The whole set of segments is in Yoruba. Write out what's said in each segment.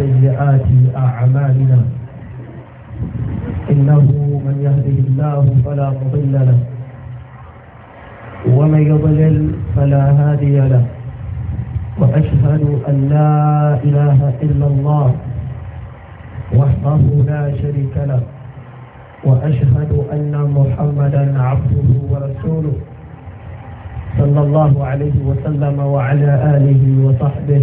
سيئات أعمالنا إنه من يهده الله فلا مضل له ومن يضلل فلا هادي له وأشهد أن لا إله إلا الله وحده لا شريك له وأشهد أن محمدا عبده ورسوله صلى الله عليه وسلم وعلى آله وصحبه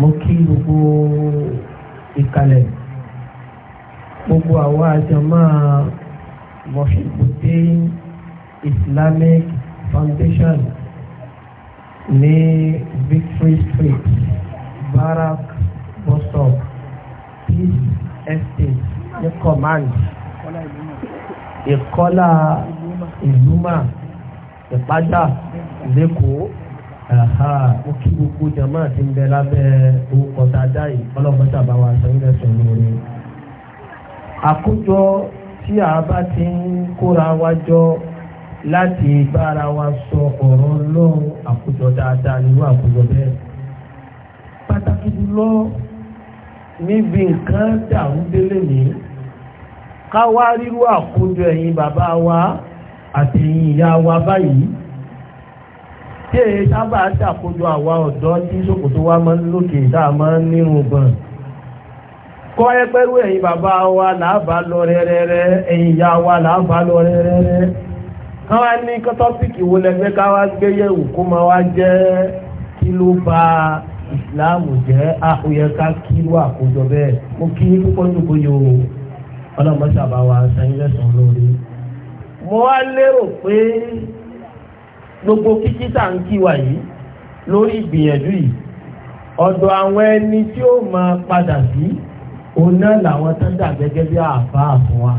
mo kí gbogbo ìkàlẹ̀ gbogbo àwa àjọmọ́ Moshibuddin Islamic Foundation ní Victory Street barak bus peace estate ní command ìkọ́lá ìlúmà ìpájà lẹ́kọ̀ọ́ ó kí gbogbo jama ti ń bẹ lábẹ́ orúkọ dáadáa yìí ọlọ́pàá sábà wà sẹ́yìn lẹ́sùn lórí. àkójọ tí a bá ti ń kóra wa jọ láti bára wa sọ ọ̀rọ̀ lọ́rùn àkójọ dáadáa nínú àkójọ bẹ́ẹ̀. pàtàkì jùlọ níbi nǹkan dàrú délé ní ká wá rírú àkójọ ẹ̀yin bàbá wa àtẹ̀yìn ìyá wa báyìí. tí èyí sábà ṣàkójọ àwa ọ̀dọ́ tí ṣòkòtò wa máa lókè tá a kọ́ ẹgbẹ́rú ẹ̀yin bàbá wa làbá lọ rẹ́rẹ́rẹ́ ẹ̀yin ìyá wa làbá lọ rẹ́rẹ́rẹ́ ní tọ́pìkì wo lẹgbẹ́ káwa gbé yẹ̀wò kó máa wá jẹ́ kí ló ba ìsìláàmù jẹ́ àkóyẹ ká kí ló àkójọ bẹ́ẹ̀ mo kí púpọ̀ níbo yòó ọlọ́mọ sábà wa sẹ́yìn lẹ́sàn mo wá lérò gbogbo kíkí tá ń kí wa yìí lórí ìgbìyànjú yìí ọ̀dọ̀ àwọn ẹni tí ó máa padà sí òun náà làwọn tó ń dà gẹ́gẹ́ bí àáfàá fún wa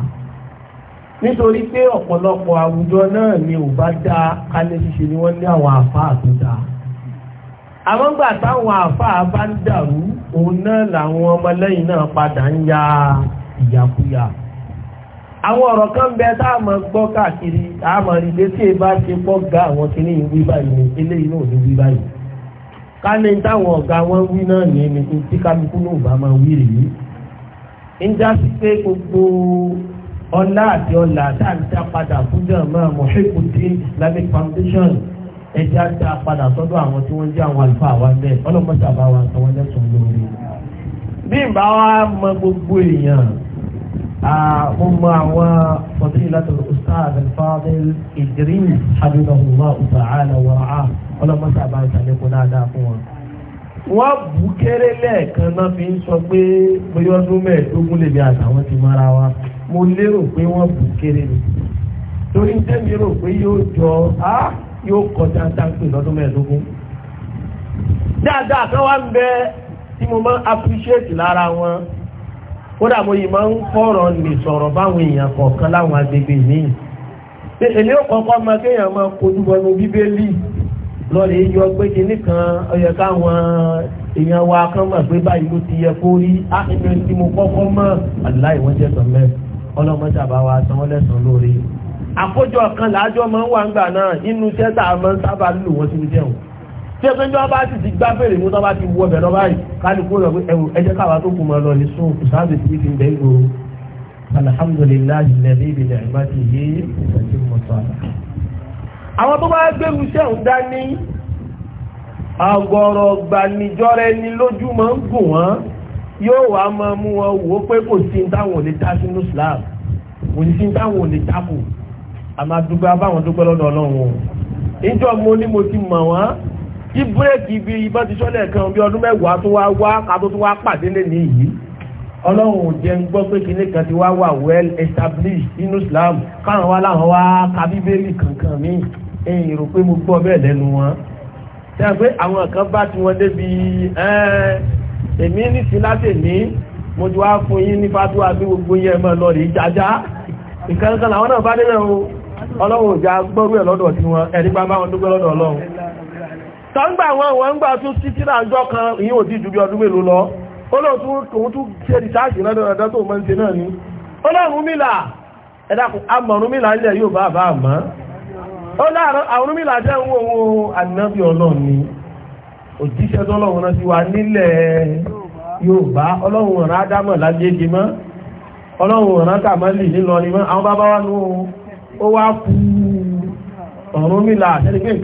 nítorí pé ọ̀pọ̀lọpọ̀ àwùjọ náà ni ò bá dá kálẹ̀ ṣíṣe ni wọ́n ní àwọn àáfàá tó dáa àwọn gbà táwọn àáfàá bá ń dàrú òun làwọn ọmọlẹ́yìn náà padà ń ya ìyàkuyà àwọn ọ̀rọ̀ kan bẹ tá a máa gbọ́ káàkiri tá a máa rí pé tí e bá ṣe pọ́ ga àwọn kìíní yìí wí báyìí ní eléyìí náà ní wí báyìí ká ní táwọn ọ̀gá wọn wí náà ní ẹni tí kálukú náà bá máa wí rèé ń já sí pé gbogbo ọlá àti ọlà tá a dá padà fúnjọ máa Muhibbuddin Islamic Foundation ẹja dá padà sọ́dọ̀ àwọn tí wọ́n jẹ́ àwọn àlùfáà wa bẹ́ẹ̀ ọlọ́mọ sábà wa sọ wọ́n lórí. bí ìbá wa mọ gbogbo èèyàn ọmọ àwọn fadilatul ustaz al-fadil Idris habibullah ta'ala wa ra'ah ọlọ́mọ sábà ń sàlékún dáadáa fún wọn. wọ́n bù kéré lẹ́ẹ̀kan náà fi ń sọ pé bóyá ọdún mẹ́ẹ̀ẹ́dógún lèmi àtàwọn ti mara wa mo lérò pé wọ́n bù kéré ni torí tẹ́mi rò pé yóò jọ á yóò kọjá dáńpé lọ́dún mẹ́ẹ̀ẹ́dógún. dáadáa kan wá ń bẹ tí mo máa ń appreciate lára wọn kódà mo yìí máa ń kọ́rọ̀ lè sọ̀rọ̀ báwọn èèyàn kọ̀ọ̀kan láwọn agbègbè míì èlé ọ̀kọ̀ọ̀kan máa kéèyàn máa kojú bọnu bíbélì lọ́lẹ̀ èyí ọgbẹ́ kìíní kan ọyẹ káwọn èèyàn wa kan mọ̀ pé báyìí ló ti yẹ kó rí áhìnà tí mo kọ́kọ́ mọ̀ aláì wọ́n jẹ́ sàn mẹ́rin ọlọ́mọdé àbáwá san wọ́n lẹ́sàn lórí àkójọ kan làájọ́ máa ń wà ń gbà náà inú iṣẹ́ tá a máa ń sábà lò wọ́n sínú jẹun tí ẹgbẹ́ ìjọba bá ti ti gbá fèrè mú tọ́ba ti wọ bẹ̀rọ báyìí kálukú lọ ẹwù ẹjẹ́ káwa tó kù mọ́ lọ ní sún ìsáàbì tí fi ń bẹ́ gbòó alhamdulillahi lẹ́bí ibi ní ti yé ìsẹ̀jú mọ́tò àlà. àwọn tó bá gbẹ́rù iṣẹ́ ń dá ní àgọ̀rọ̀ gbanijọ́rẹ́ ni lójú máa ń gùn wọ́n yóò wá máa mú wọn wò ó pé kò sí táwọn ò lè ta sínú Islam kò sí táwọn ò lè takò àmàdúgbò abáwọn dúpẹ́ lọ́dọ̀ Ọlọ́run ìjọ mo ní mo ti mọ̀ wọ́n tí búrẹ́kì ibi ìbọn ti sọ́lẹ̀ kan bí ọdún mẹ́wàá tó wá wá kátó tó wá pàdé lé ní yìí ọlọ́run ò jẹ́ ń gbọ́ pé kinní kan ti wá wà well established inú Islam káwọn wá láwọn wá ka bíbélì kankan mi ẹ̀yìn rò pé mo gbọ́ bẹ́ẹ̀ lẹ́nu wọn ṣe pé àwọn kan bá ti wọn débi èmi ní sí láti ní mo ti wá fún yín ní fatuwa bí gbogbo yẹn mọ́ lọ rí jájá ìkankan làwọn náà bá débẹ̀ o ọlọ́run ò já ẹ̀ lọ́dọ̀ tiwọn ẹ̀rí bá bá dúpẹ́ lọ́dọ̀ ọlọ́run tọ́ngbà wọn wọ́n ń gbà tún títí láàjọ́ kan ìyẹn sí bí ọdún mélòó lọ olóòtún tòun tún ṣe ìṣáàṣì lọ́dọ̀dọ̀ tó mọ́ ṣe náà ni ẹ̀dàkùn amọ̀rúnmìlà mọ́ jẹ́ ohun ọlọ́run ni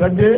yóò bá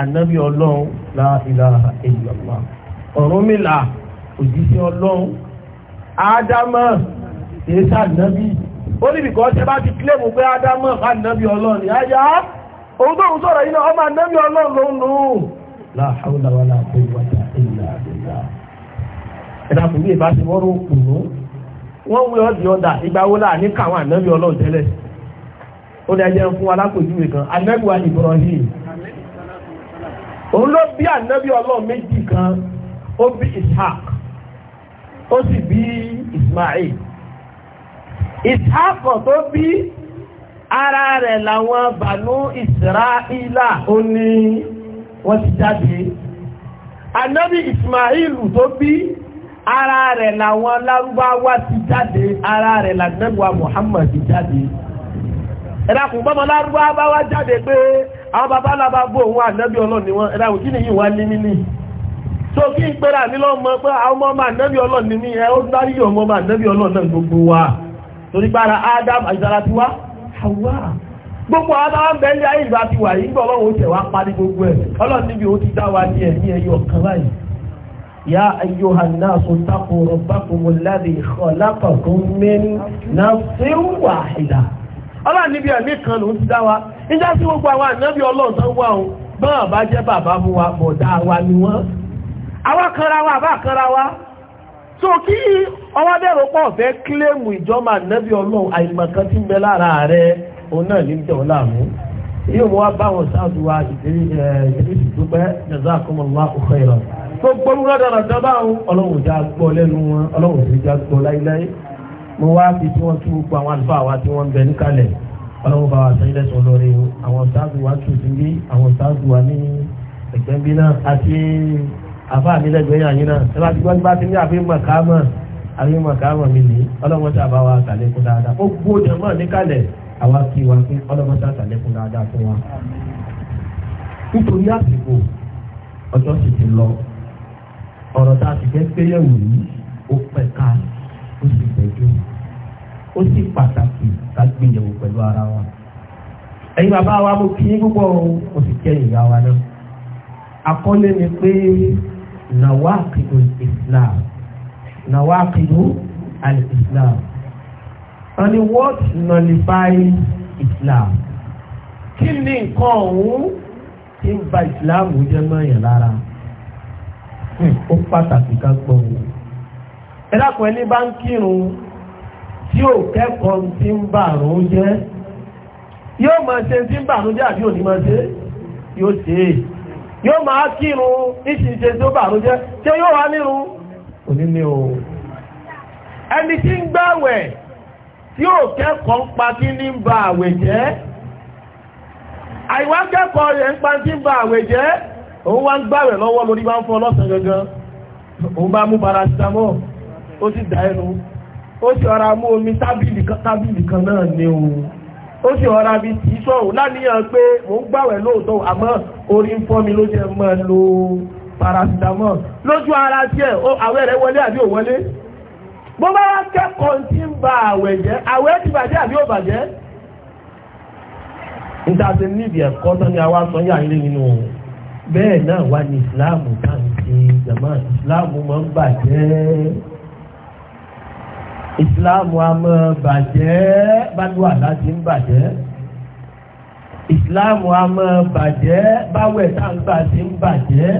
ànábì ọlọ́run la ilaha illallah Ọ̀rúnmìlà òjíṣẹ́ ọlọ́run ádámọ̀ èsà ànábì ó níbi kan tẹ́ bá ti kílẹ̀mù pé ádámọ̀ ànábì ọlọ́run yáyá òun tó ń sọ̀rọ̀ yìí náà ọmọ ànábì ọlọ́run ló ń lò ó la hawla wala quwwata illa billah ẹ̀dá kò ní ìbá ti wọ́n rò kùnú wọ́n wí ọ́dì ọ̀dà ìgbà wo láà ní káwọn ànábì ọlọ́run tẹ́lẹ̀ ó ní ẹjẹ́ fún alákòjúwe kan ànábì wa Ibrahim òun ló bí ànábì ọlọ́run méjì kan ó bí ishaq ó sì bí ismail ishaq tó bí ara rẹ̀ làwọn bànú israẹ́lá ó ní wọ́n ti jáde ànábì ismail tó bí ara rẹ̀ làwọn lárúbáwá ti jáde ara rẹ̀ làgbẹ́gbà muhammad ti jáde ẹ̀dàkùn bọ́mọ lárúbáwá jáde pé àwọn bàbá lábá gbó òun ànábì ọlọ́run ni wọ́n ẹ̀dàwò kí ni yìí wá ní níní so kí n pẹ́ra mi lọ́mọ pé àwọn ọmọ ànábì ọlọ́run ni mí ẹ ó dárí ọmọ ọmọ ànábì ọlọ́run náà gbogbo wa torí gbára Adam àìsára ti wá Hawa gbogbo adáwọn bẹ́ẹ̀lẹ́ ayé ìgbà ti wà yìí gbọ́ ọlọ́run ó tẹ̀ wá parí gbogbo ẹ̀ ọlọ́run níbi ó ti dá wa ní ẹ̀mí ẹ̀yọ kan báyìí يا أيها الناس اتقوا ربكم الذي خلقكم من نفس واحدة ọlá níbi ẹ̀mí kan ló ń ti dá wa níjá sí gbogbo àwọn ànábì ọlọ́run tán wà òun bọ́n bá jẹ́ bàbá mú wa bọ̀dá wa ni wọ́n àwa kanra wa àbá kanra wa so kí ọwọ́ dẹ̀rọ pọ̀ fẹ́ kílèmù ìjọba ànábì ọlọ́run àìmọ̀kan tí ń bẹ lára rẹ òun náà ní jẹ́ ọ̀la mú yóò mú wa báwọn sáàdù wa ìdírísì tó pẹ́ jazakumullahu mo wá fi tí wọ́n tú gbogbo àwọn àlùfáà wa tí wọ́n ń bẹ níkàlẹ̀ ọlọ́run bá wa sẹ́yìn lẹ́sọ̀ lórí àwọn sáàbù wa tù sí bí àwọn sáàbù wa ní ẹ̀gbẹ́ bí náà àti àfáà mi lẹ́gbẹ̀ẹ́ yàn yín náà ẹ bá ti gbọ́ bá ti ní àfi mọ̀kámọ̀ àfi mọ̀kámọ̀ mi nìyí ọlọ́run tá a bá wa kàlẹ́kùn dáadáa ó gbóòdà mọ́ níkàlẹ̀ àwa kí wa pé ọlọ́run tá a kàlẹ́kùn dáadáa fún wa. nítorí àsìkò ọjọ́ sì ti lọ ọ̀rọ̀ tá a sì fẹ́ gbéyẹ̀wò yìí ó pẹ̀ káàkiri ó sì tẹ́jú ó sì pàtàkì ká gbìyànjú pẹ̀lú ara wa ẹ̀yin bàbá wa mo kí púpọ̀ mo sì kí ẹ̀yin ìyá wa náà àkọlé ni pé nàwákìdù islam nàwákìdù al-islam wọ́n ní what nullifies islam kí ni nǹkan ọ̀hún tí ń ba islam jẹ́ mọ́ yẹn lára hmm, ó pàtàkì ká gbọ́ ẹlákùn ẹni bá ń kírun tí ó kẹ́kọ̀ọ́ tí ń bàrún jẹ́ yóò máa ṣe tí ń bàrún jẹ́ àbí òní máa ṣe yóò ṣe yóò máa kírun o ẹni tí ń gbàwẹ̀ tí ó kẹ́kọ̀ọ́ ń pa kí ní ń àwẹ̀ jẹ́ àìwá kẹ́kọ̀ọ́ rẹ̀ ń pa tí ń àwẹ̀ jẹ́ òun wá ń ó sì dá ẹnu ó sì ọ̀rá mú omi tábìlì kan náà ni o. ó sì ọ̀rá bí tí sọ̀rọ̀ láníyàn pé mo ń gbàwẹ̀ lóòótọ́ àmọ́ orí ń fọ́ mi ló jẹ́ mọ́ lo paracetamol lójú ara tiẹ̀ àwẹ̀ rẹ̀ wọlé àbí ò wọlé bá wá ba àwẹ̀ jẹ́ ti bàjẹ́ àbí ò bàjẹ́ nítaṣe níbi ẹ̀kọ́ tó yà ilé nínú bẹ́ẹ̀ náà wá ní ìsìláàmù táǹkì ìsìláàmù ń ìsìláàmù a máa bàjẹ́ báluwà láti ń bàjẹ́ ìsìláàmù a máa bàjẹ́ báwẹ̀ tá ń gbà sí ń bàjẹ́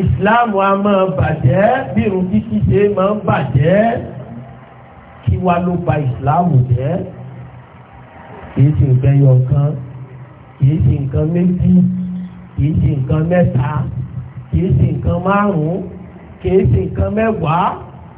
ìsìláàmù a máa bàjẹ́ bírun kíkí ṣe máa ń bàjẹ́ kí wá ló ba ìsìláàmù jẹ́ kìí ṣe nǹkan ẹyọ kan kìí ṣe nǹkan méjì kìí ṣe nǹkan mẹ́ta kìí ṣe nǹkan márùn-ún kìí ṣe nǹkan mẹ́wàá.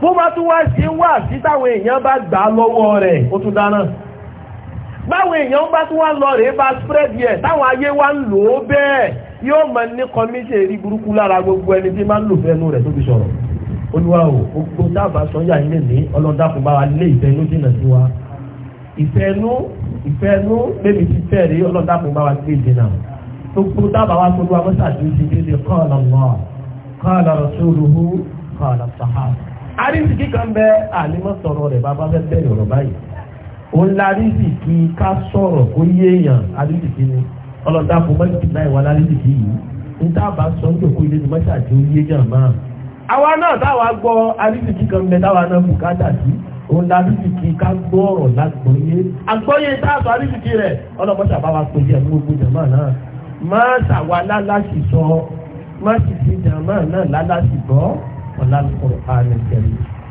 bó bá tún wá ṣe wà sí táwọn èèyàn bá gbà lọ́wọ́ rẹ̀ ó tún dáná báwọn èèyàn bá tún wá lọ rèé bá spread yẹ táwọn ayé wá ń lò ó bẹ́ẹ̀ yóò mọ ní kọmíṣẹ́ èrí burúkú lára gbogbo ẹni tí máa ń lò fẹ́nu rẹ̀ tó fi sọ̀rọ̀ olúwa o gbogbo dábàá sọ́yà ilé ní ọlọ́dàkùn bá wa lé ìfẹ́nu jìnnà sí wa ìfẹ́nu ìfẹ́nu bébí ti fẹ́ rí ọlọ́dàkùn bá wa lé ìdènà gbogbo dábàá wa tó lu amọ́sàdúnṣe dédé kọ́ ọ̀nà mọ́ kọ́ ọ̀nà rọ̀ kọ́ọ̀lá sàhárà. àrísìkí kan bẹ àlímọ̀ sọ̀rọ̀ rẹ̀ bàbá fẹ́ bẹ̀rẹ̀ ọ̀rọ̀ báyìí. ó ń la àrísìkí ká sọ̀rọ̀ kó yéèyàn àrísìkí ni ọlọ́dà fún mọ́tìkì náà wà lárísìkí yìí. ní tá a bá sọ ní òkú ilé ni mọ́tì àti yéèyàn máa. àwa náà táwa gbọ́ àrísìkí kan bẹ táwa náà bùkátà sí òun la àrísìkí ká gbọ́ ọ̀rọ̀ lágbọ́yé. àgbọ́yé táàtọ̀ àrísìkí rẹ̀ ọlọ́mọṣà bá wa pè é ní gbogbo jàmáà náà. má ṣàwa lálásì sọ má sì fi jàmáà náà lálásì gbọ́ ọ̀la Al-Qur'an Al-Karim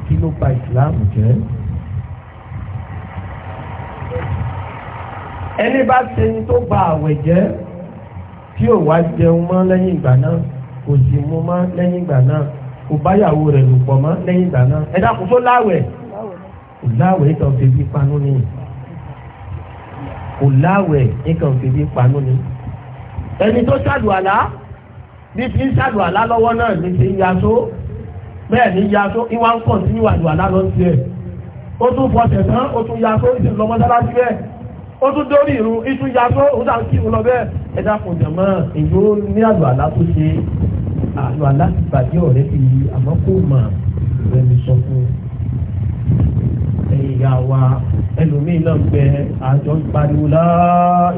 kí ló bà ìsìláàmù jẹ́. ẹni bá ṣe ní tó bà àwẹ̀ jẹ́ tí ò wá jẹun mọ́ lẹ́yìn ìgbà náà kò sì mú mọ́ lẹ́yìn ìgbà náà kò báyàwó rẹ̀ lò pọ̀ mọ́ lẹ́yìn ìgbà náà ẹ̀dá kò tó láwẹ̀ kò láwẹ̀ ìtàn fèbí panú ni kò láwẹ̀ ìtàn fèbí panú ni ẹni tó ṣàdùàlá bí ti ń ṣàdùàlá lọ́wọ́ náà ní ti ń yasó bẹ́ẹ̀ ni ya tó ìwà ń kàn sí ìwà ìwà lálọ́ sí ẹ̀ ó tún fọṣẹ̀ tán ó tún ya tó ìṣèlú ọmọdálásí bẹ́ẹ̀ ó tún dórí ìrun ìtú ya tó ó dà kí ìrun lọ bẹ́ẹ̀ ẹ dákun jẹ̀mọ́ ìjó ní àlù àlá tó ṣe àlù àlá ti bàjẹ́ ọ̀rẹ́ ti yí àmọ́ kó mà lẹ́nu sọ fún ẹ̀yìn ìyá wa ẹlòmíì náà bẹ àjọ ìpariwo la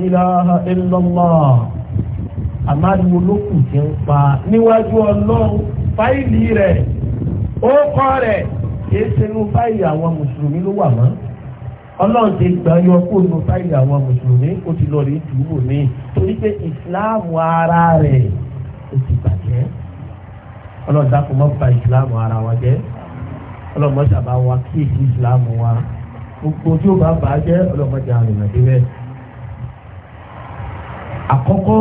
ilaha illallah àmàlùwò ló kù ti ń pa níwájú ọlọ́run fáìlì rẹ̀ ó kọ́ rẹ̀ kìí ṣe inú fáìlì àwọn mùsùlùmí ló wà mọ́ ọlọ́run ti gbà yọ kó inú fáìlì àwọn mùsùlùmí ó ti lọ rí dùúrò ní torí pé ìsìláàmù ara rẹ̀ ó ti bàjẹ́ ọlọ́run dákun mọ́ ba ìsìláàmù ara wa jẹ́ ọlọ́run mọ́ sábà wa kíyèsí ìsìláàmù wa gbogbo tí ó bá bàá jẹ́ ọlọ́run mọ́ jẹ́ àrùn àdébẹ́ àkọ́kọ́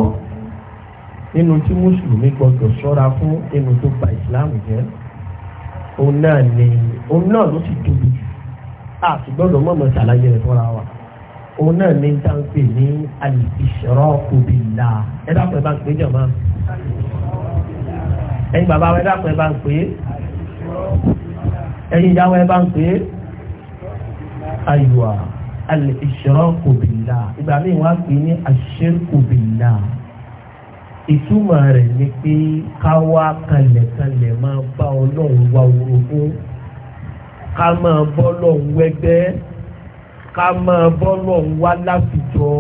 nínú tí mùsùlùmí gbọdọ̀ ṣọ́ra fún nínú tó ba ìsìláàmù jẹ́ òun náà ni òun náà ló sì tóbi a sì gbọ́dọ̀ mọ̀mọ́ ṣàlàyé rẹ̀ fúnra wa òun náà ni tá ń pè ní al-ishraku billah ẹ dákun ẹ bá ń pè jọ̀mọ́ ẹ̀yin bàbá wa ẹ dákun ẹ bá ń pè ẹ̀yin ìyá wa ẹ bá ń pè aywa al-ishraku billah ìgbà míì wọ́n pè ní ash-shirku billah ìtumọ̀ rẹ̀ ni pé ká wá kalẹ̀kalẹ̀ máa bá ọlọ́run wá orogún ká máa bọ́ lọ́run wẹ́gbẹ́ ká máa bọ́ lọ́run wá láfijọ́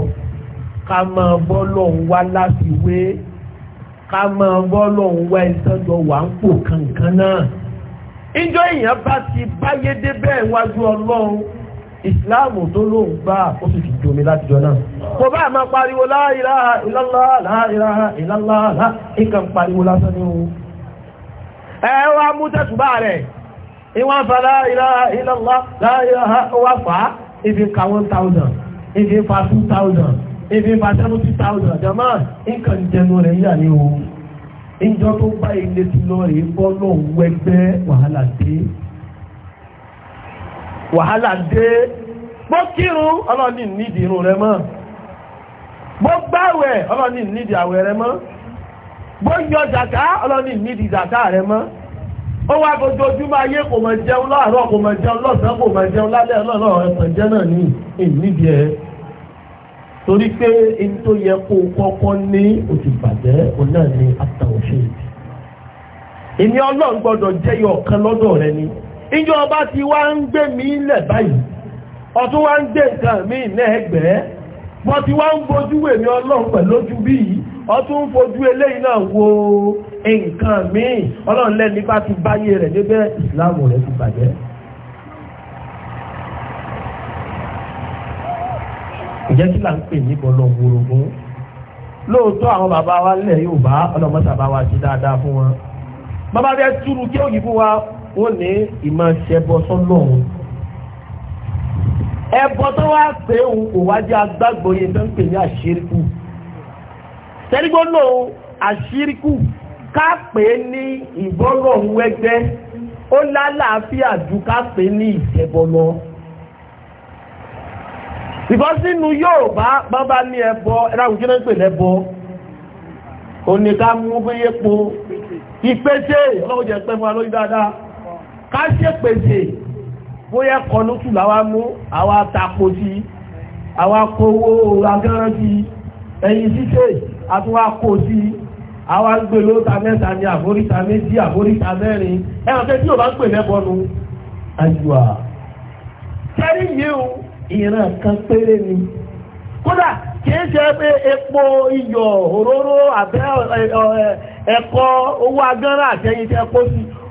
ká máa bọ́ lọ́run wá láfiwé ká máa bọ́ lọ́run wá ìtọ́jọ́ wà ń pò kankan náà. ìjọ èèyàn bá ti báyé débẹ̀ wájú ọlọ́run ìsìláàmù tó lóun gbà ó sì ti domi látijọ́ náà kò bá àmà pariwo la ilaha illallah la ilaha illallah nǹkan pariwo lásán ní ohun ẹ wá mú tẹ̀sùbá rẹ̀ ìwọ̀n fa la ilaha illallah la ilaha wá fà á ibi ka one thousand ibi fa two thousand ibi fa seventy thousand jama nǹkan jẹnu rẹ̀ yà ní ohun ìjọ tó bá ilé wàhálà dé bó ọlọ́ni nídìí irun rẹ mọ́ bó ọlọ́ni nídìí àwẹ̀ rẹ mọ́ bó ọlọ́ni nídìí rẹ mọ́ ó wá gbogbo ojúmọ́ ayé kò mọ̀ jẹun láàárọ̀ kò mọ̀ jẹun lọ́sàn kò mọ̀ jẹun lálẹ́ ọlọ́rọ̀ ẹ̀sàn jẹ́ náà ní ìjọ ọba ti wá ń gbé mi lẹ̀ báyìí ọ̀tún wá ń gbé nǹkan mi lẹ́ẹ̀gbẹ́ wọ́n ti wá ń fojú èmi ọlọ́run pẹ̀lú ojú bí i ọtún fojú eléyìí náà wo nǹkan mi ọlọ́run lẹ́ni bá ti báyé rẹ̀ ìsìláàmù rẹ̀ ti bàjẹ́ bàbá túrú kí wọ́n ní ìmọ̀ ṣẹbọ sọ́lọ́run ẹbọ tó wá pé òun kò wá jẹ́ agbágbó yẹn tó ń pè ní àṣírikù sẹ́rígbónà àṣírikù ká pè é ní ìbọ́lọ́run wẹ́gbẹ́ ó lálàáfíà ju ká pè é ní ìṣẹbọ lọ ìbọn sínú yóò bá bábá ní ẹbọ ẹ̀rọ àwùjọ náà ń pè lẹ́bọ òní ká mú bí epo ìpèsè ọlọ́wọ́ jẹ́ pẹ́ fún wa dáadáa ká ṣèpèsè bóyá kọlùtù láwá mú awa tapo sí àwa kówó agánrán sí ẹ̀yìn ṣíṣe àtúwá kó sí àwa ń gbé ní àforíta méjì àforíta mẹ́rin ẹ̀rọ tí ò bá ń pè lẹ́bọnu àjùwà kẹ́rí ìran kan péré ni kódà kìí ṣe pé epo iyọ̀ òróró àbẹ́ ẹ̀kọ́ owó agánrán àtẹ̀yìn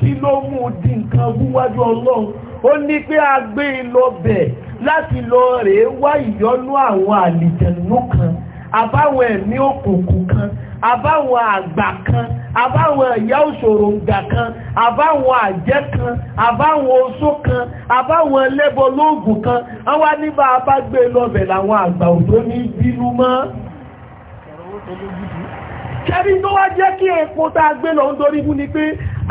kí ló mú di nǹkan wúwájú ọlọ́run ó ní pé a gbé e lọ bẹ̀ láti lọ rèé wá ìyọ́nú àwọn àlìjẹ̀nú kan àbáwọn ẹ̀mí òkùnkùn kan àbáwọn àgbà kan àbáwọn ìyá òṣòro kan àbáwọn àjẹ́ kan àbáwọn oṣó kan àbáwọn ẹlẹ́bọ lóògùn kan àwọn aníbà bá gbé e lọ́bẹ̀ làwọn àgbà òjò ní bínú mọ́ kẹrin tó wá jẹ́ kí epo tá a gbé lọ ń dorí fún ni pé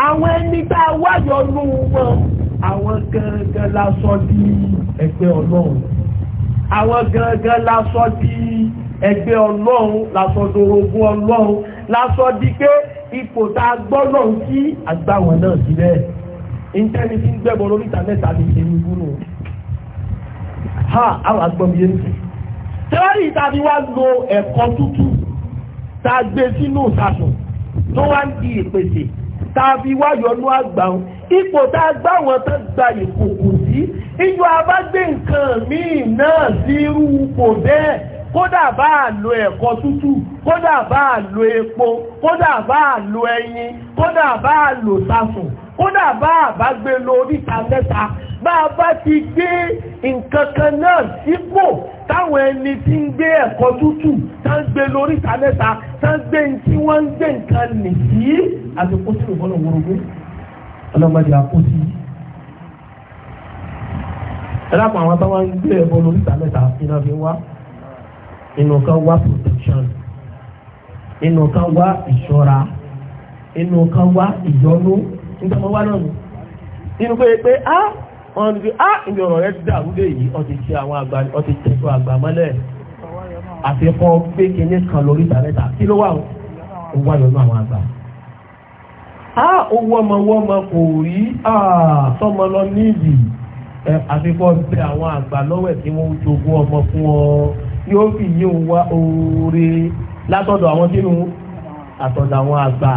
àwọn ẹni tá a wáyọ̀ nù wọn àwọn gangan la sọ di ẹgbẹ́ ọlọ́run àwọn gangan la sọ di ẹgbẹ́ ọlọ́run la sọ dorogún ọlọ́run la sọ di pé ipò tá a gbọ́ lọ́run sí àgbàwọ̀n náà síbẹ̀ ìtẹ́ni tí ń gbẹ̀bọ̀ lórí ìtàmẹ́ta ní ṣe ní gúrù ha àwọn agbọ́n yé ń fi tẹ́wárí ìtàbí wá lo ẹ̀kọ́ tútù tá a gbé sínú ìsàsùn tó wá ń di ìpèsè tàbí wáyọnú àgbà wọn ipò tá a gbá wọn tán gba ìkòkò sí ijó abágbé nǹkan míì náà sí irú ipò bẹ́ẹ̀ kódà bá a lo ẹ̀kọ tútù kódà bá lo epo kódà bá lo ẹyin kódà bá lo sásùn kódà bá àbá gbé lọ oríta mẹ́ta bá a bá ti gbé nǹkan kan náà sípò táwọn ẹni tí ń gbé ẹ̀kọ́ tútù tá ń gbé lọ oríta mẹ́ta tá ń gbé tí wọ́n ń gbé nǹkan nì sí àsìkò tí ìbọn òun ọlọ́mọdé àkóso yìí. ẹ dákun àwọn ń gbé ẹ̀bọ lọ mẹ́ta iná fi wá inú kan wá protection inú kan wá ìṣọ́ra inú kan wá ìyọnú nígbà wọn wá náà ni inú pé pé á wọn ti fi á ìgbà ọ̀rọ̀ rẹ dàrúdé yìí ọtí ṣe àwọn àgbà ọtí tẹ̀sọ́ àgbà mọ́lẹ̀ àfikún pé kinní kan lórí ìtàlẹ́ta kí ló wà ó wà lọ́nà àwọn àgbà á owó ọmọ owó ọmọ kò rí sọmọ lọ níbi àfikún bẹ àwọn àgbà lọ́wẹ̀ tí wọ́n jogún ọmọ fún ọ yóò fi yí òun wá oore látọ̀dọ̀ àwọn sínú àtọ̀dọ̀ àwọn àgbà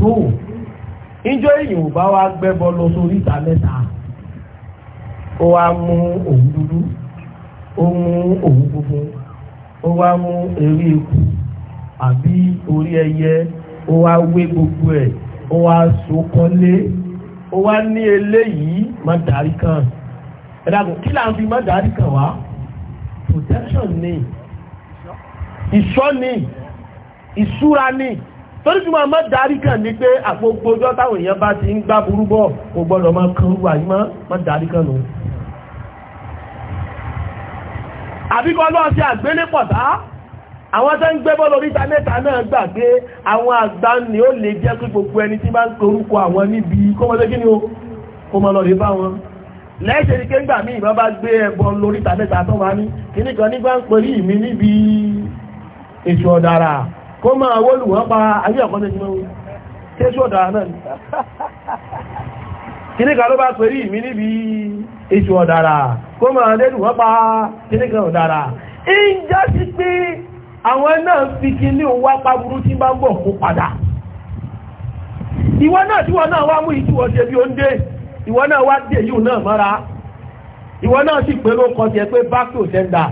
tó níjọ́ èyí ò bá wá gbẹ́bọ lọ sórí ìta mẹ́ta ó wá mú òwú dúdú ó mú òwú funfun ó wá mú eré ikú àbí orí ẹyẹ ó wá wé gbogbo ẹ̀ ó wá so kọ́lé ó wá ní eléyìí má darí kan ẹ̀dàgùn kí là ń fi má darí kan wá protection ni ìṣọ́ ni ìṣúra ni. torí tí wọ́n mọ́ darí kan ní pé àfogbójọ́ táwọn èèyàn bá ti ń gbá burú bọ̀ kò gbọ́dọ̀ mọ́ kan wà yí mọ́ mọ́ darí kan nù àbíkọ́ lọ́ọ̀ sí àgbélépọ̀tá àwọn tó ń gbé lórí ìtànẹ́ta náà gbà pé àwọn àgbà ni ó lè jẹ́ pé gbogbo ẹni tí bá ń korúkọ àwọn níbi kọ́mọdé kí ni ó kó mọ́ lọ́rí bá wọn lẹ́ṣẹ̀ ní kéńgbà míì bá bá gbé ẹbọ lórí ìtànẹ́ta tó máa ní kíníkan nígbà kó máa wọ́lù wọ́n pa ayé ọ̀kọ́lẹ̀ ìmọ̀ wí tí ṣọ́ ọ̀dà náà ní kíníkà ló bá pẹ̀lú ìmí níbi èṣù ọ̀dàrà kó máa lẹ́lù wọ́n pa kíníkà ọ̀dàrà ń já sí pé àwọn náà fi kíní wá pa burú tí bá ń bọ̀ kó padà ìwọ náà tí wọ́n náà wá mú ìtúwọ̀ ṣe back to sender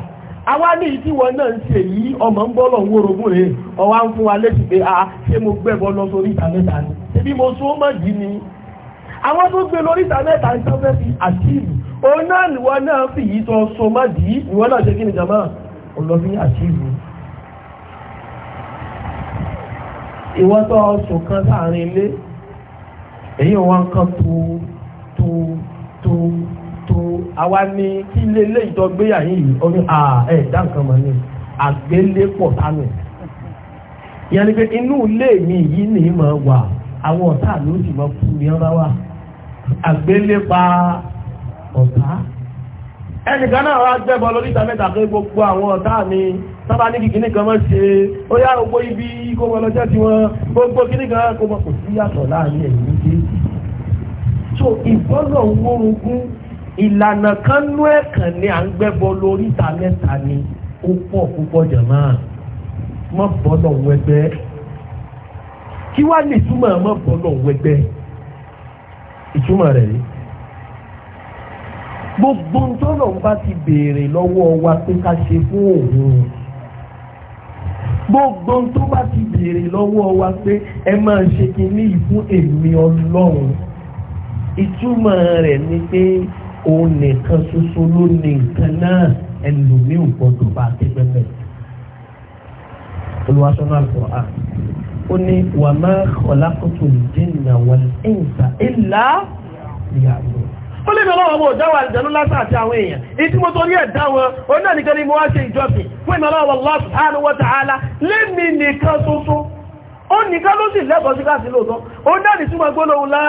àwa ní ìdí wọn náà ń ṣe yìí ọmọ ń bọ́ lọ ń wórogún rẹ̀ ọwá ń fún wa létí pé a ah, ṣé mo gbẹ̀bọ lọ sórí ìta mẹ́ta ni ṣebí mo so mọ̀ jì ni àwọn tó gbé lórí ìta mẹ́ta ń tán fẹ́ fi àṣìlù òun náà nìwọ náà fi yìí tó so mọ̀ jì ìwọ náà ṣe kí ni jàmá ọlọ́bí àṣìlù ìwọ tó sùn kan sáàrin ilé èyí wọn kan tó tó tó àwa ni kí ilé ilé ìtọ́gbéyà yìí ó ní à ẹ̀ nǹkan mọ̀ ni àgbélépọ̀ tánù ìyẹn ni pé inú ilé mi yìí ni mà wà àwọn ọ̀tá ló sì máa kú ní ọba wa àgbélépa ọ̀tá ẹnìkan náà wá gbẹ́bọ lórí ìta mẹ́ta pé gbogbo àwọn ọ̀tá mi sábà ní kìkìní kan mọ́ ṣe ó yá gbogbo ibi kó wọn lọ́jọ́ tí wọ́n gbogbo kìíní kan kó mọ̀ kò sí yàtọ̀ láàrin ẹ̀yìn méjèèjì ìlànà kan nú ẹ̀kàn ni à ń gbẹ́bọ lórí ìta mẹ́ta ni ó pọ̀ púpọ̀ jẹ̀mọ́ mọ́ bọ́lọ̀ wẹgbẹ́ kí wàá lè túmọ̀ mọ́ bọ́lọ̀ wẹgbẹ́ ìtumọ̀ rẹ̀ rí gbogbo ntọ́nà ń bá ti béèrè lọ́wọ́ wa pé ká ṣe fún òun gbogbo tó bá ti béèrè lọ́wọ́ wa pé ẹ máa ṣe kinní yìí fún èmi ọlọ́run ìtumọ̀ rẹ̀ ni pé òun nìkan ṣoṣo ló ní nǹkan náà ẹlòmíì ò gbọdọ̀ bá akẹgbẹ́ mẹ́. olùwàsánà Al-Qur'an ó ní wa ma khalaqtul jinna wal insa illa liya'budun. ó lè mi ọlọ́wọ́ mo dáwọ́ àlùjànnú lásán àti àwọn èèyàn èyí tí mo torí ẹ̀ dá wọn ó náà nìkan ni mo wá ṣe ìjọsìn fún ìmọ̀lọ́wọ́ Allah subhanahu wa ta'ala lẹ́mìí nìkan ṣoṣo ó nìkan ló sì lẹ́kọ̀ọ́ sí káàkiri lóòtọ́ ó náà ní túnmọ̀ gbólóhùn la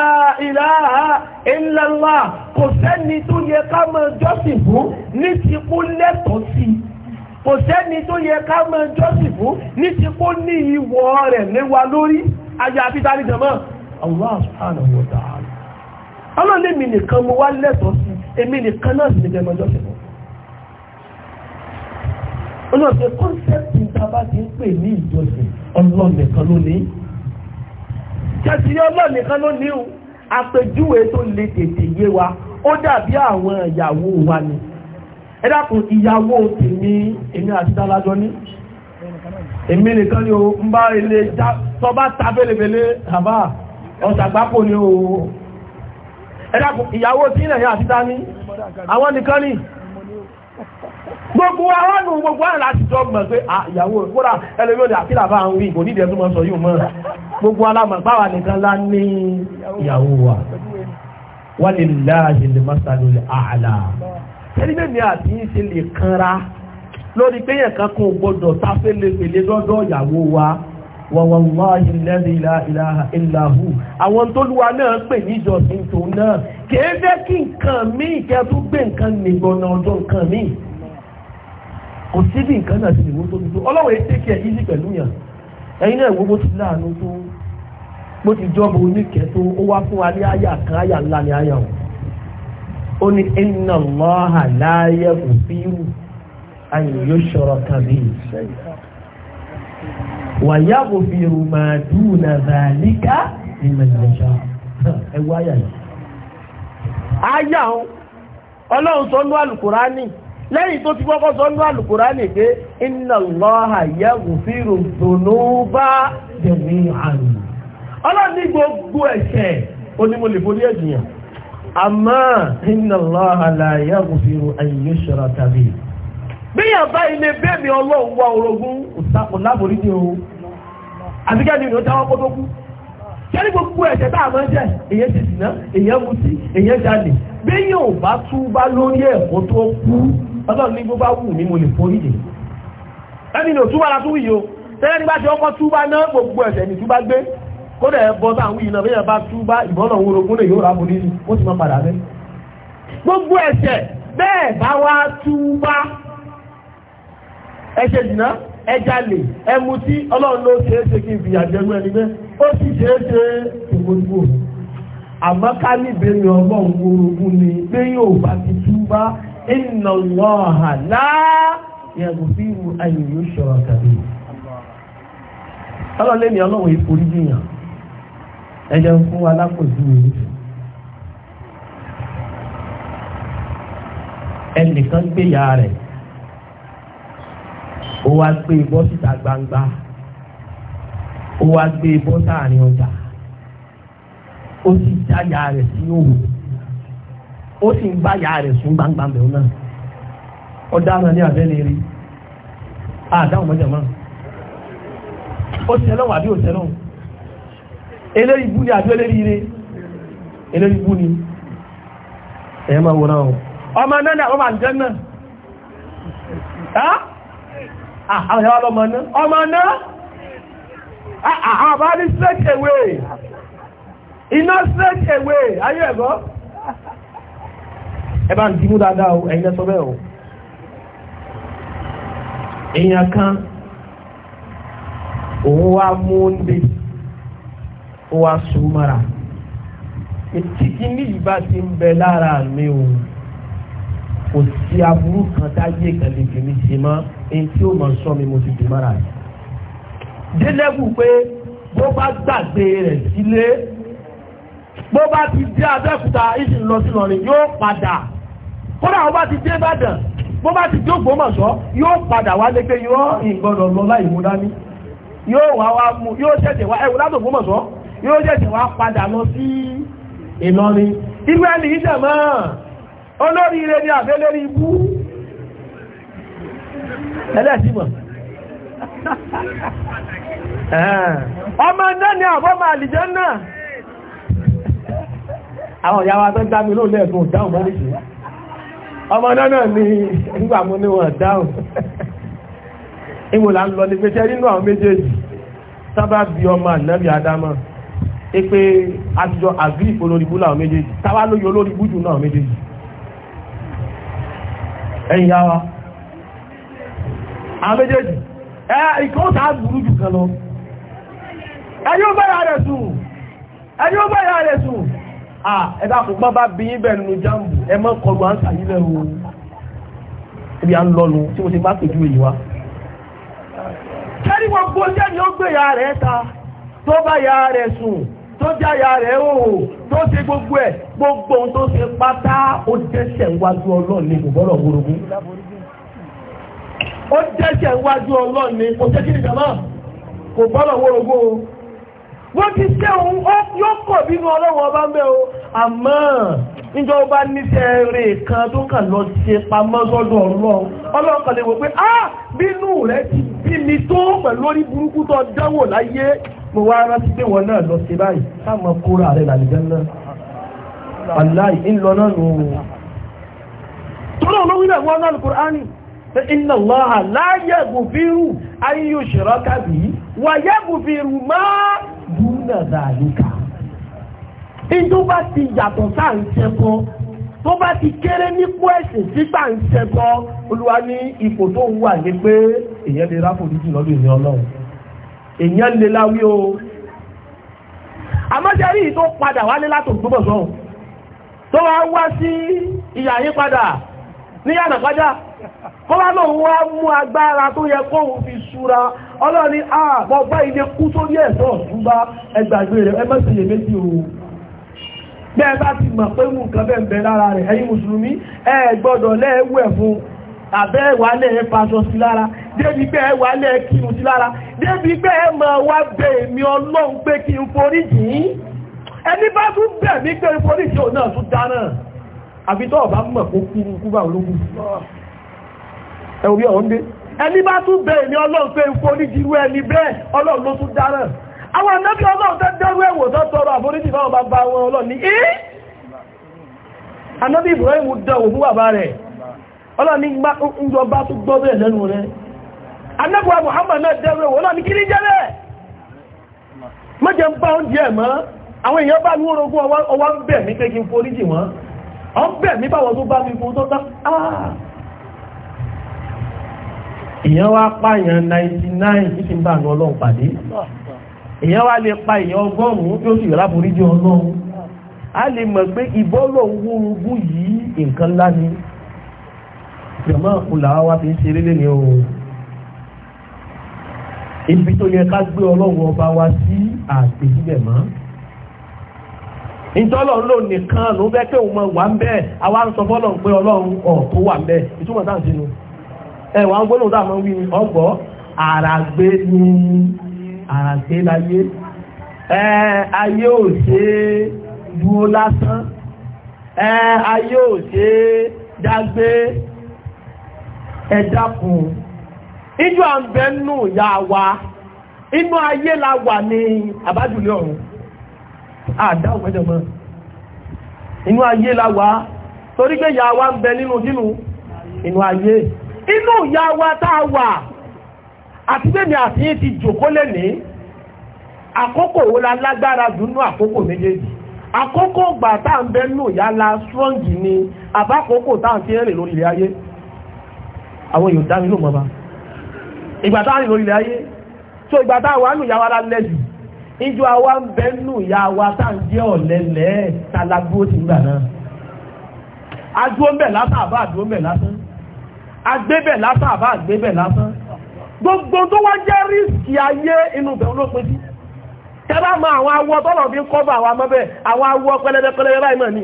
ilaha illallah kò sẹ́ni tó yẹ ká máa jọ́sìn fún ní ti kú lẹ́tọ̀ọ́ sí kò sẹ́ni tó yẹ ká máa jọ́sìn fún ní ti kú ní ìwọ̀ rẹ̀ léwa lórí àyàfi ta ni jàmá Allah subhanahu wa ta'ala ọlọ́lé mi nìkan mo wá lẹ́tọ̀ọ́ sí bá ti ń pè ní ìjọsìn ọlọ́nìkan ló ní. jẹ́sí ọlọ́nìkan ló ní o àpèjúwe tó lè tètè yé wa ó dàbí àwọn ìyàwó wa ni ẹ dákun ìyàwó tèmi èmi àti dálájọ ní èmi nìkan ni o ń bá ilé tọ́ba ta belebele àbá ọ̀sàgbápò ni o ẹ dákun ìyàwó tí ilẹ̀ yẹn àti dání àwọn nìkan ni gbogbo aráàlú gbogbo aráàlú láti jọ mọ̀ pé ah, ìyàwó kódà ẹlẹ́mí òdì àkílà bá ń rí ìbò nídìí ẹ̀tún mọ́ sọ yóò mọ́ gbogbo alámọ̀ báwa nìkan lá ní ìyàwó wa wọ́n lè láàyè lè má sálò lè àlà ẹni mẹ́mi àti yín ṣe lè kanra lórí pé yẹn kan kò gbọdọ̀ táfẹ́lẹ́fẹ́lẹ́ lọ́dọ̀ ìyàwó wa wàwàláhì lẹ́rìí ìlàhà ìlàhù àwọn tólúwa náà pè níjọsìn tó náà kèé jẹ́ kí nǹkan míì kẹ́ tó gbé nǹkan nìgbọ̀nà ọjọ́ nǹkan míì kò sí bí nǹkan náà ti lè wó tóbi tó ọlọ́wọ́ yẹn tẹ́kì ẹ̀ yíṣì pẹ̀lú yàn ẹ̀yin náà wo bó ti láàánú tó bó ti jọ́bù oníkẹ́ tó ó wá fún wa ní àyà kan àyà ńlá ní àyà o ó ní inna Allaha la yaghfiru an yushraka bihi wa yaghfiru ma duna dhalika liman yasha ẹ wá àyà yìí. àyà ọlọ́run sọ ní Al-Qur'ani. lẹ́yìn tó ti kọ́kọ́ sọ ní Al-Qur'ani pé inna Allaha yaghfiru dhunuba jami'an ọlọ́run ní gbogbo ẹ̀ṣẹ̀ onímọ̀lẹ́fọ́rí ẹ̀jìyàn àmọ́ inna Allaha la yaghfiru an yushraka bihi ilé bẹ́ẹ̀mí ọlọ́run wá orogún o ọlọ́run ní bó bá wù mí mo lè forí jì ẹni ní òtúbà la tún wí yìí o tẹ́lẹ̀ nígbà tí ọkọ̀ túbà náà gbogbo ẹ̀ṣẹ̀ ní túbà gbé kódà ẹ̀ bọ́ sáà wí iná bí yẹn bá túbà ìbọ́nà owó orogún lè yóò rà mú nínú ó ti máa padà bẹ́ gbogbo ẹ̀ṣẹ̀ bẹ́ẹ̀ bá wá túbà ẹ̀ṣẹ̀ jìnnà ẹja lè ẹmu tí ọlọ́run ló ṣe é níbẹ̀rẹ̀ ọlọ́run orogún ni pé yóò bá ti túbà inna Allaha la yaghfiru an yushraka bihi ọlọ́run lẹ́mìí ọlọ́run ìforí jìyàn ẹjẹ́ fún alákòjú mi ẹnìkan gbéyà re. O wá gbé bọ́ sita gbangba wa gbe gbé saa sáàrin ọjà si ta jáyà re si òwò. ó sì ń báyà rẹ̀ sún gbangba mẹ́rin náà ọ̀daràn ní abẹ́lẹ̀ rí àdáhùn mọ́jàmá ó tẹ́lọ̀ àbí ò tẹ́lọ̀ eléyìí bú ni àbí eléyìí rí eléyìí bú ni ẹ̀yẹ́ máa wọ́n náà ọmọ náà ni àwọn àjẹ́ náà àwọn ìyàwó ọmọ náà ọmọ náà away iná straight away ayé ẹ̀gọ́ ẹ bá ń dìmú dáadáa o ẹ̀yin lẹ́sọ bẹ́ẹ̀ o èèyàn kan òun wá mú oúnjẹ ó wá sùn mọ́ra títí ní ìbá ti ń bẹ lára mi o kò sí aburú kan táyé kan lè fi mi ṣe mọ́ èyí tí ó mọ̀ sọ mi mo ti dì mọ́ra rẹ̀ délẹ́bù pé bó bá gbàgbé rẹ̀ sílé. Si bó bá ti dé abẹ́òkúta ìsì lọ sí lọ́rin yóò padà kódà ó bá ti dé ìbàdàn bó bá ti dé ògbómọ̀ṣọ́ yóò padà wá lé pé yóò ìgbọ́dọ̀ lọ láì mú dání yóò wá wá mú yóò ṣẹ̀ṣẹ̀ wá ẹ̀wù látò ògbómọ̀ṣọ́ yóò ṣẹ̀ṣẹ̀ wá padà lọ sí ni àbẹ́lẹ́rí ọmọ àlìjẹ́ náà àwọn ìyá wa tó ń dámi ló lẹ́ẹ̀kún dáhùn mọ́ nìṣe ọmọ náà náà ni nígbà mú ní wọn dáhùn ìwòlà ń lọ ní pé ṣe nínú àwọn méjèèjì sábà bí ọmọ ànábì adámọ́ pé àtijọ́ àbí olóribú làwọn méjèèjì táwa lóye olóribú jù náà méjèèjì ẹ̀yìn yá wa àwọn méjèèjì ẹ̀ ìkọ́ sáà burú jù kan lọ ẹni ó bẹ̀rẹ̀ rẹ̀ sùn ẹni ó bẹ̀rẹ̀ ẹ̀dá àpòpá bá bí yín bẹ̀rẹ̀ nínú jáàmù ẹ mọ́ kọlu àǹsà yìí lẹ̀ ibi à ń lọ tí mo ti bá pèjú èyí wa. kẹ́rí gbogbo sẹ́ni ó gbé ya rẹ̀ ta tó bá ya rẹ̀ sùn tó já ya rẹ̀ o tó ṣe gbogbo ẹ̀ gbogbo ohun tó ṣe pátá ó dẹ́ṣẹ̀ wájú ọlọ́run ní ìbọ̀rọ̀ gbòrògbò. ó dẹ́ṣẹ̀ wájú ọlọ́run kò tẹ́kí ni jàmá kò bọ́lọ̀ bó ti ṣe òun yóò pọ̀ bínú ọlọ́run ọba ń bẹ́ o àmọ́ níjọ bá níṣẹ́ rẹ̀ kan tó kàn lọ ṣe pamọ́ sọ́dọ̀ ọlọ́run ọlọ́run kan lè wò pé á ah, bínú rẹ̀ ti bí mi tó pẹ̀lú orí burúkú tó dánwò láyé mo wá rántí pé wọn náà lọ ṣe báyìí káàmọ́ kóra rẹ̀ làlùjẹ́ náà aláì ńlọ náà inna Allaha la yaghfiru an bi bihi wa yaghfiru ma dúnà zàlíkà ìjọ bá ti yàtọ̀ sáà ń ṣẹbọ tó bá ti kéré nípò ẹ̀sìn sígbà ń ṣẹbọ olúwa ní ipò tó ń wà ní pé èèyàn lè ráforíjì lọ́dún ìní ọlọ́run èèyàn lè láwí o àmọ́jẹ́ rí tó padà wálé látò gbogbo sọ́hùn tó wá wá sí ìyà yí padà ní yànà padà kó wá lóun wá mú agbára tó yẹ kóun fi súra ọlọ́ni ààbọ̀ ah, bá ilé kú tó ní ẹ̀sọ́ ọ̀tún bá ẹgbàgbé rẹ̀ ẹ mẹ́sìn lè méjì o bẹ́ẹ̀ bá ti mọ̀ pé nǹkan bẹ́ẹ̀ bẹ́ẹ̀ lára rẹ̀ ẹ̀yin mùsùlùmí ẹ gbọ́dọ̀ lẹ́ẹ̀wẹ̀ fún àbẹ́ ìwálẹ̀ ẹ faṣọ sí lára débi pé ẹ wálẹ̀ ẹ kírun sí lára débi pé ẹ mọ̀ wá bẹ èmi ọlọ́run pé kí n forí jìn ín ẹni bá tún bí ọ̀hún dé ẹni bá tún bẹ èmi ọlọ́run pé ikú oníjìrú ẹni bẹ́ẹ̀ ọlọ́run ló tún dára àwọn ànábì ọlọ́run tẹ́ dẹ́rú ẹ̀wò tó tọrọ àforíjì fáwọn bàbá wọn ọlọ́run ní ẹ́ ànábì Ibrahim dán òun fún bàbá rẹ̀ ọlọ́run ìjọba tún gbọ́ lẹ́nu rẹ̀ èèyàn wá pààyàn 99 títí ń bá àwọn ọlọ́run pàdé èèyàn wá lè pa èèyàn ọgọ́rùn-ún tí ó sì rà borí jẹ́ ọlọ́run a lè mọ̀ pé ìbọ́lọ̀ wúrubú yìí nǹkan ńlá ni jọmọ́ ọ̀pùlà wa fi ń ṣeré lé ní ohun ibi tó yẹ ká gbé ọlọ́run ọba wa sí àgbè síbẹ̀ mọ́ ìtọ́lọ̀ ń lò nìkan ló bẹ́ pé òun mọ̀ wà ń bẹ́ẹ̀ àwa ń sọ fọ́lọ̀ pé ọlọ́run ọ̀ tó wà ń bẹ́ẹ̀ ìtumọ̀ táà sínú ẹwà ń gbónà dáàmọ́ wí ọgbọ́ àràgbé àràgbé láyé ayé ò ṣe lásán ayé ò ṣe dágbé ẹ̀dàkùn ìjọ nù ya wa inú ayé la wà ní àbájúlé ọ̀run àdáhùn ẹ̀dẹ̀mọ́ inú ayé la wà torí pé ya wa ń bẹ nínú nínú inú ìyá wa táa wà àti bẹ́ẹ̀ni ti jòkó lẹ́ni àkókò wo la lágbára dùnú àkókò méjèèjì àkókò gbà táà ń ìyá la strong ni abakoko táà ti rìn lórí aye. ayé àwọn èèyàn dá mi ló mọ́ ìgbà táà rìn lórí so ìgbà táà wà nù ìyá wa lálẹ́ jù ìjọ àwa ń bẹ́nu ìyá wa táà ń jẹ́ ọ̀lẹ́lẹ́ ti gbà náà agbébẹ̀ lásán àbá agbébẹ̀ lásán gbogbo tó wá jẹ́ rísì ayé inú bẹ̀rún ló pèsè tẹ́bá ma àwọn awọ tọ́lọ̀ bí kọ́bà àwọn amọ́bẹ̀ àwọn awọ pẹlẹbẹpẹlẹ báyìí mọ̀ ní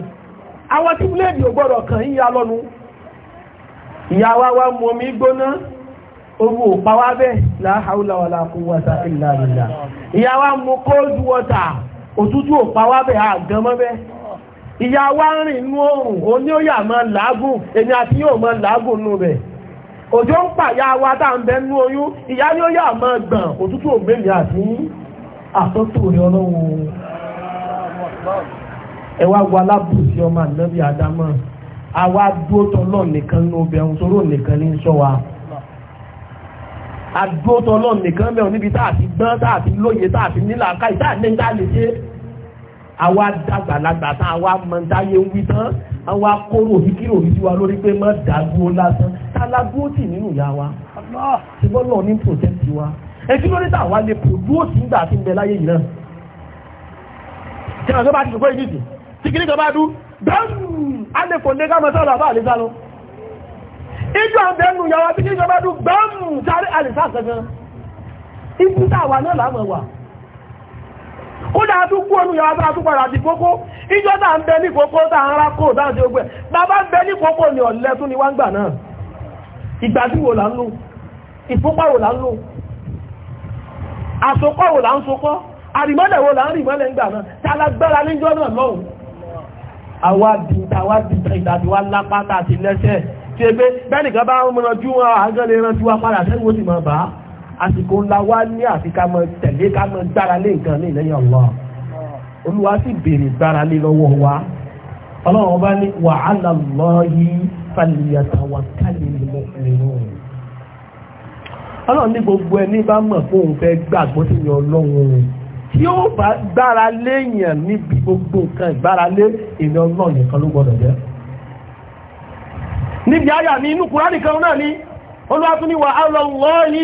àwọn tí bíléèdì ò gbọ́dọ̀ kàn yíya lọ́nu ìyàwó wa mú omi gbóná orú òpá wá bẹ́ẹ̀ la hawla wala quwwata illa billah ìyàwó mú cold water òtútù òpá wá bẹ́ẹ̀ àgánmọ́ bẹ́ẹ̀ ìyàwó rìn inú oòrùn oní ó yà máa làágùn èmi àti yóò máa làágùn nù bẹ́ẹ̀ òjò ń pàyà wa dá ń bẹnú oyún ìyá ni ó yà máa gbọ̀n òtútù òmèmí àti àtọ́tò rẹ ọlọ́run ẹ wá wo alábùsí ọmọ ànábì àdámọ́ àwa dúró tọ́lọ́ nìkan ní obìnrin sóró nìkan ní sọ wa àdúró tọ́lọ́ nìkan bẹ̀rù níbi tá àti gbọ́n tá àti lóye tá àti nílàákàyè tá àti ní tá a lè ṣe àwa dàgbàlagbà tán àwa mọ̀ndáyé ń wí tán àwa kóró òfikírò òbí tiwa lórí pé má dàgbó lásán tálágbó tì nínú ìyá wa ṣùgbọ́n náà ní protect wa ẹtí lórí tá àwa lè produce nígbà tí ń bẹ láyé yìí náà tí àwọn bá ti sọ pé ìdíjì tí kìnnìkan bá dú bẹ́ẹ̀ a lè fò lé ká mọ́ sọ́lọ́ àbá àlésá lọ ìjọ kódà àtúkú omi yọ abá tó padà di kókó ìjọ tà ń bẹ ní kókó tà ń rákò dáadé ogbẹ̀ bàbá ń bẹ ní kókó ni ọ̀lẹ́ tún ni wá ń gbà náà ìgbà tí wò là ń lò ìfúnpá wò là ń lò àsokọ́ wò là ń sokọ́ àrìmọ́lẹ̀ wò là ń rìmọ́lẹ̀ ń gbà náà tí alágbára níjọ́ náà lọ́hùn àwa dìta wá dìta ìdàdì wá àsìkò ńlá wá ní àfi ká mọ tẹ̀lé ká mọ gbára lé nǹkan ní ìlẹ́yìn Allah olúwa sì béèrè gbára lé lọ́wọ́ wa ọlọ́run ọba ní wa 'ala Allahi falyatawakkalil mu'minun ọlọ́run ní gbogbo ẹni bá mọ̀ fóun fẹ́ gbàgbọ́ sí ní ọlọ́run tí ó bá gbára léèyàn níbi gbogbo nǹkan ìgbára lé èmi ọlọ́run nìkan ló gbọ́dọ̀ jẹ́ níbi àyà ní inú Kùránì kan náà ni olúwa tún ní wa 'ala Allahi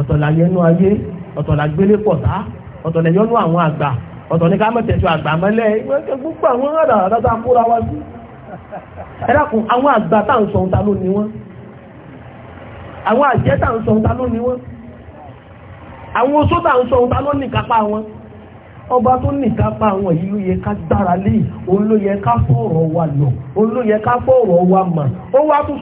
ọ̀tọ̀ là yẹnu ayé ọ̀tọ̀ là gbélé pọ̀ sá ọ̀tọ̀ lẹ̀ yọnu àwọn àgbà ọ̀tọ̀ ní ká mẹ́tẹ̀ẹ̀tọ̀ àgbà mẹ́lẹ̀ gbogbo àwọn ọ̀dà àdáta kóra wá sí ẹ dákun àwọn àgbà tá à ń sọ ohun ta ló ní wọn àwọn àjẹ́ tá à ń sọ ohun ta ló ní wọn àwọn oṣó tá à ń sọ ohun ta ló ní kápá wọn ọba tó nìkan pa àwọn yìí ló yẹ ká gbára lé òun ká fọ̀rọ̀ wa lọ òun ká fọ̀rọ̀ wa mà ó wá tún